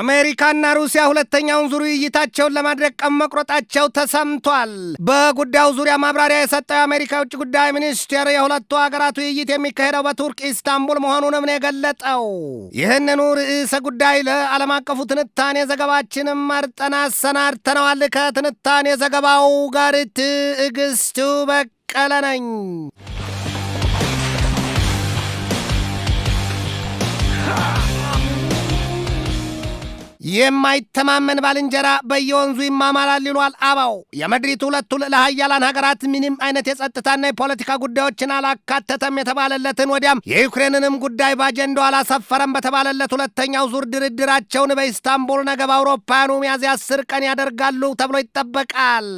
አሜሪካና ሩሲያ ሁለተኛውን ዙር ውይይታቸውን ለማድረግ ቀን መቁረጣቸው ተሰምቷል። በጉዳዩ ዙሪያ ማብራሪያ የሰጠው የአሜሪካ የውጭ ጉዳይ ሚኒስቴር የሁለቱ ሀገራት ውይይት የሚካሄደው በቱርክ ኢስታንቡል መሆኑንም ነው የገለጠው። ይህንኑ ርዕሰ ጉዳይ ለዓለም አቀፉ ትንታኔ ዘገባችንም መርጠን አሰናድተነዋል። ከትንታኔ ዘገባው ጋር ትዕግስቱ በቀለ ነኝ። የማይተማመን ባልንጀራ በየወንዙ ይማማላል ይሏል አባው። የምድሪቱ ሁለቱ ልዕለ ሀገራት ምንም አይነት የጸጥታና የፖለቲካ ጉዳዮችን አላካተተም የተባለለትን ወዲያም የዩክሬንንም ጉዳይ በአጀንዳው አላሰፈረም በተባለለት ሁለተኛው ዙር ድርድራቸውን በኢስታንቡል ነገ በአውሮፓውያኑ ሚያዝያ አስር ቀን ያደርጋሉ ተብሎ ይጠበቃል።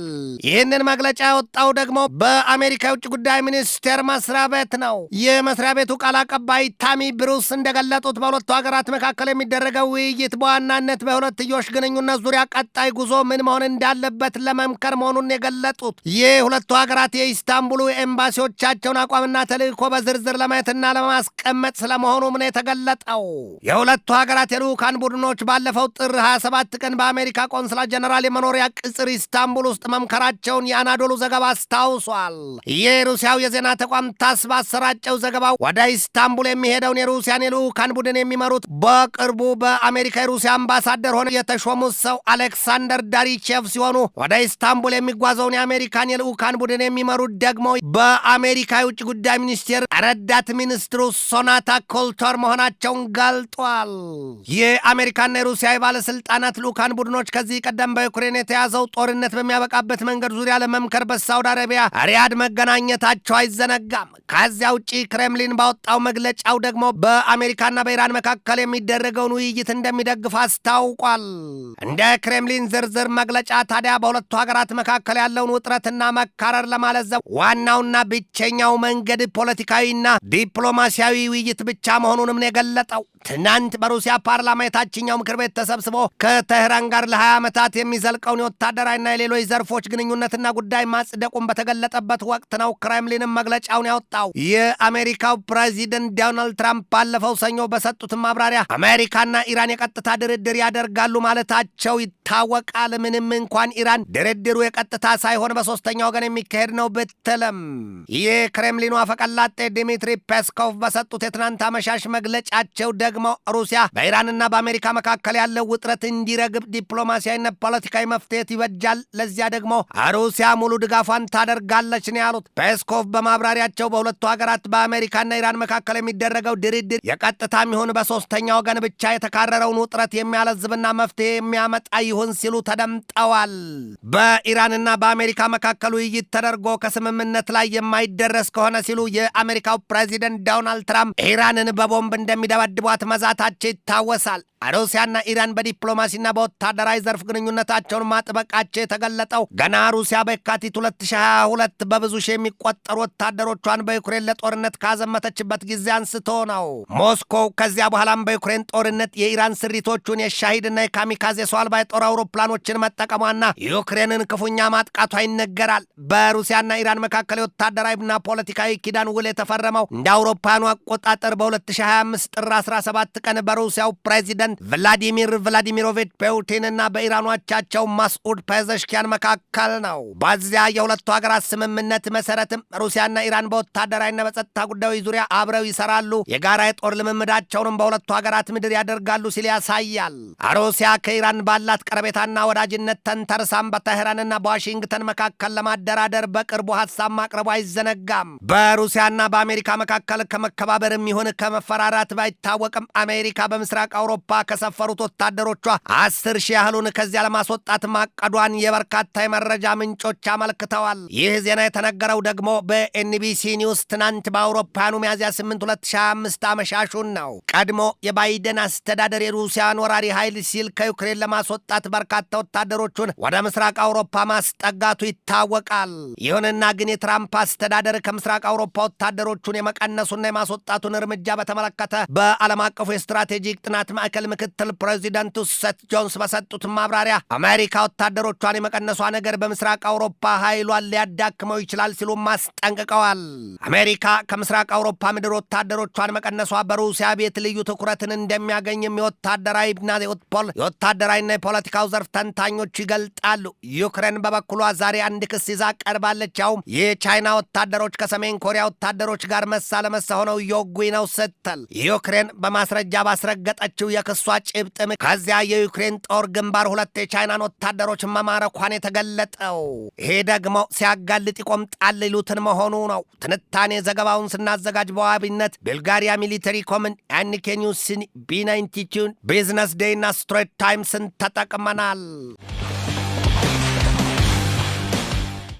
ይህንን መግለጫ ያወጣው ደግሞ በአሜሪካ የውጭ ጉዳይ ሚኒስቴር መስሪያ ቤት ነው። ይህ መስሪያ ቤቱ ቃል አቀባይ ታሚ ብሩስ እንደገለጡት በሁለቱ ሀገራት መካከል የሚደረገው ውይይት በዋናነት በሁለትዮሽ ግንኙነት ዙሪያ ቀጣይ ጉዞ ምን መሆን እንዳለበት ለመምከር መሆኑን የገለጡት ይህ ሁለቱ ሀገራት የኢስታንቡሉ ኤምባሲዎቻቸውን አቋምና ተልእኮ በዝርዝር ለማየትና ለማስቀመጥ ስለመሆኑ ምን የተገለጠው። የሁለቱ ሀገራት የልዑካን ቡድኖች ባለፈው ጥር 27 ቀን በአሜሪካ ቆንስላ ጀነራል የመኖሪያ ቅጽር ኢስታንቡል ውስጥ መምከራቸውን የአናዶሉ ዘገባ አስታውሷል። ይህ ሩሲያው የዜና ተቋም ታስ ባሰራጨው ዘገባ ወደ ኢስታንቡል የሚሄደውን የሩሲያን የልዑካን ቡድን የሚመሩት በቅርቡ በአሜሪካ የሩሲያ አምባሳ አምባሳደር ሆነው የተሾሙት ሰው አሌክሳንደር ዳሪቼቭ ሲሆኑ ወደ ኢስታንቡል የሚጓዘውን የአሜሪካን የልዑካን ቡድን የሚመሩት ደግሞ በአሜሪካ የውጭ ጉዳይ ሚኒስቴር ረዳት ሚኒስትሩ ሶናታ ኮልቶር መሆናቸውን ገልጧል። የአሜሪካና የሩሲያ የባለስልጣናት ልዑካን ቡድኖች ከዚህ ቀደም በዩክሬን የተያዘው ጦርነት በሚያበቃበት መንገድ ዙሪያ ለመምከር በሳውዲ አረቢያ ሪያድ መገናኘታቸው አይዘነጋም። ከዚያ ውጭ ክሬምሊን ባወጣው መግለጫው ደግሞ በአሜሪካና በኢራን መካከል የሚደረገውን ውይይት እንደሚደግፍ አስታው ታውቋል። እንደ ክሬምሊን ዝርዝር መግለጫ ታዲያ በሁለቱ ሀገራት መካከል ያለውን ውጥረትና መካረር ለማለዘብ ዋናውና ብቸኛው መንገድ ፖለቲካዊና ዲፕሎማሲያዊ ውይይት ብቻ መሆኑንም ነው የገለጠው። ትናንት በሩሲያ ፓርላማ የታችኛው ምክር ቤት ተሰብስቦ ከተህራን ጋር ለ20 ዓመታት የሚዘልቀውን የወታደራዊና የሌሎች ዘርፎች ግንኙነትና ጉዳይ ማጽደቁን በተገለጠበት ወቅት ነው ክሬምሊንም መግለጫውን ያወጣው። የአሜሪካው ፕሬዚደንት ዶናልድ ትራምፕ ባለፈው ሰኞ በሰጡት ማብራሪያ አሜሪካና ኢራን የቀጥታ ድርድር ያደርጋሉ ማለታቸው ይታወቃል። ምንም እንኳን ኢራን ድርድሩ የቀጥታ ሳይሆን በሶስተኛ ወገን የሚካሄድ ነው ብትልም ይህ ክሬምሊኑ አፈቀላጤ ዲሚትሪ ፔስኮቭ በሰጡት የትናንት አመሻሽ መግለጫቸው ደግሞ ሩሲያ በኢራንና በአሜሪካ መካከል ያለው ውጥረት እንዲረግብ ዲፕሎማሲያዊና ፖለቲካዊ መፍትሄት ይበጃል፣ ለዚያ ደግሞ ሩሲያ ሙሉ ድጋፏን ታደርጋለች ነው ያሉት። ፔስኮቭ በማብራሪያቸው በሁለቱ ሀገራት በአሜሪካና ኢራን መካከል የሚደረገው ድርድር የቀጥታ የሚሆን በሶስተኛ ወገን ብቻ የተካረረውን ውጥረት የሚያለዝ ዝብና መፍትሄ የሚያመጣ ይሁን ሲሉ ተደምጠዋል። በኢራንና በአሜሪካ መካከል ውይይት ተደርጎ ከስምምነት ላይ የማይደረስ ከሆነ ሲሉ የአሜሪካው ፕሬዚደንት ዶናልድ ትራምፕ ኢራንን በቦምብ እንደሚደበድቧት መዛታቸው ይታወሳል። ሩሲያና ኢራን በዲፕሎማሲና በወታደራዊ ዘርፍ ግንኙነታቸውን ማጥበቃቸው የተገለጠው ገና ሩሲያ በየካቲት 2022 በብዙ ሺህ የሚቆጠሩ ወታደሮቿን በዩክሬን ለጦርነት ካዘመተችበት ጊዜ አንስቶ ነው። ሞስኮው ከዚያ በኋላም በዩክሬን ጦርነት የኢራን ስሪቶቹን የሻ ሻሂድና የካሚካዜ ሰው አልባ የጦር አውሮፕላኖችን መጠቀሟና ዩክሬንን ክፉኛ ማጥቃቷ ይነገራል። በሩሲያና ኢራን መካከል የወታደራዊና ፖለቲካዊ ኪዳን ውል የተፈረመው እንደ አውሮፓውያኑ አቆጣጠር በ2025 ጥር 17 ቀን በሩሲያው ፕሬዚደንት ቭላዲሚር ቭላዲሚሮቪች ፑቲንና በኢራኑ አቻቸው ማስዑድ ፔዘሽኪያን መካከል ነው። በዚያ የሁለቱ ሀገራት ስምምነት መሰረትም ሩሲያና ኢራን በወታደራዊና በጸጥታ ጉዳዮች ዙሪያ አብረው ይሰራሉ፣ የጋራ የጦር ልምምዳቸውንም በሁለቱ ሀገራት ምድር ያደርጋሉ ሲል ያሳያል። ሩሲያ ከኢራን ባላት ቀረቤታና ወዳጅነት ተንተርሳም በተህራንና በዋሽንግተን መካከል ለማደራደር በቅርቡ ሀሳብ ማቅረቡ አይዘነጋም። በሩሲያና በአሜሪካ መካከል ከመከባበር የሚሆን ከመፈራራት ባይታወቅም አሜሪካ በምስራቅ አውሮፓ ከሰፈሩት ወታደሮቿ አስር ሺህ ያህሉን ከዚያ ለማስወጣት ማቀዷን የበርካታ የመረጃ ምንጮች አመልክተዋል። ይህ ዜና የተነገረው ደግሞ በኤንቢሲ ኒውስ ትናንት በአውሮፓውያኑ ሚያዝያ 8 2025 አመሻሹን ነው። ቀድሞ የባይደን አስተዳደር የሩሲያን ወራሪ ኃይል ሲል ከዩክሬን ለማስወጣት በርካታ ወታደሮቹን ወደ ምስራቅ አውሮፓ ማስጠጋቱ ይታወቃል። ይሁንና ግን የትራምፕ አስተዳደር ከምስራቅ አውሮፓ ወታደሮቹን የመቀነሱና የማስወጣቱን እርምጃ በተመለከተ በዓለም አቀፉ የስትራቴጂክ ጥናት ማዕከል ምክትል ፕሬዚደንቱ ሴት ጆንስ በሰጡት ማብራሪያ አሜሪካ ወታደሮቿን የመቀነሷ ነገር በምስራቅ አውሮፓ ኃይሏን ሊያዳክመው ይችላል ሲሉም አስጠንቅቀዋል። አሜሪካ ከምስራቅ አውሮፓ ምድር ወታደሮቿን መቀነሷ በሩሲያ ቤት ልዩ ትኩረትን እንደሚያገኝም የወታደራዊና የሚያወጡት የወታደራዊና የፖለቲካው ዘርፍ ተንታኞች ይገልጣሉ። ዩክሬን በበኩሏ ዛሬ አንድ ክስ ይዛ ቀርባለች። ያውም የቻይና ወታደሮች ከሰሜን ኮሪያ ወታደሮች ጋር መሳ ለመሳ ሆነው እየወጉኝ ነው ስትል ዩክሬን በማስረጃ ባስረገጠችው የክሷ ጭብጥም ከዚያ የዩክሬን ጦር ግንባር ሁለት የቻይናን ወታደሮች መማረኳን የተገለጠው ይሄ ደግሞ ሲያጋልጥ ይቆምጣል ይሉትን መሆኑ ነው። ትንታኔ ዘገባውን ስናዘጋጅ በዋቢነት ቤልጋሪያ ሚሊተሪ ኮምን፣ ኒኬኒውስን፣ ቢና ቢዝነስ ዴይና ስትሬት ታይምስን ተጠቅመናል።